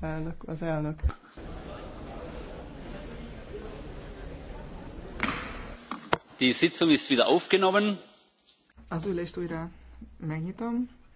elnök, az elnök. Die Sitzung ist wieder aufgenommen. Az ülést újra megnyitom.